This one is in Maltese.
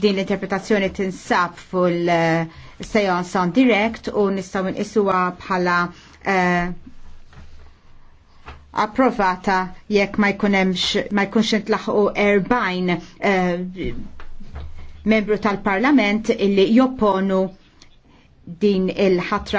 din l-interpretazzjoni tinsab fil eh, sejon son direct u nistaw nqisuha bħala uh, approvata jekk ma jkunx intlaħqu erbajn eh, membru tal-Parlament illi jopponu din il-ħatra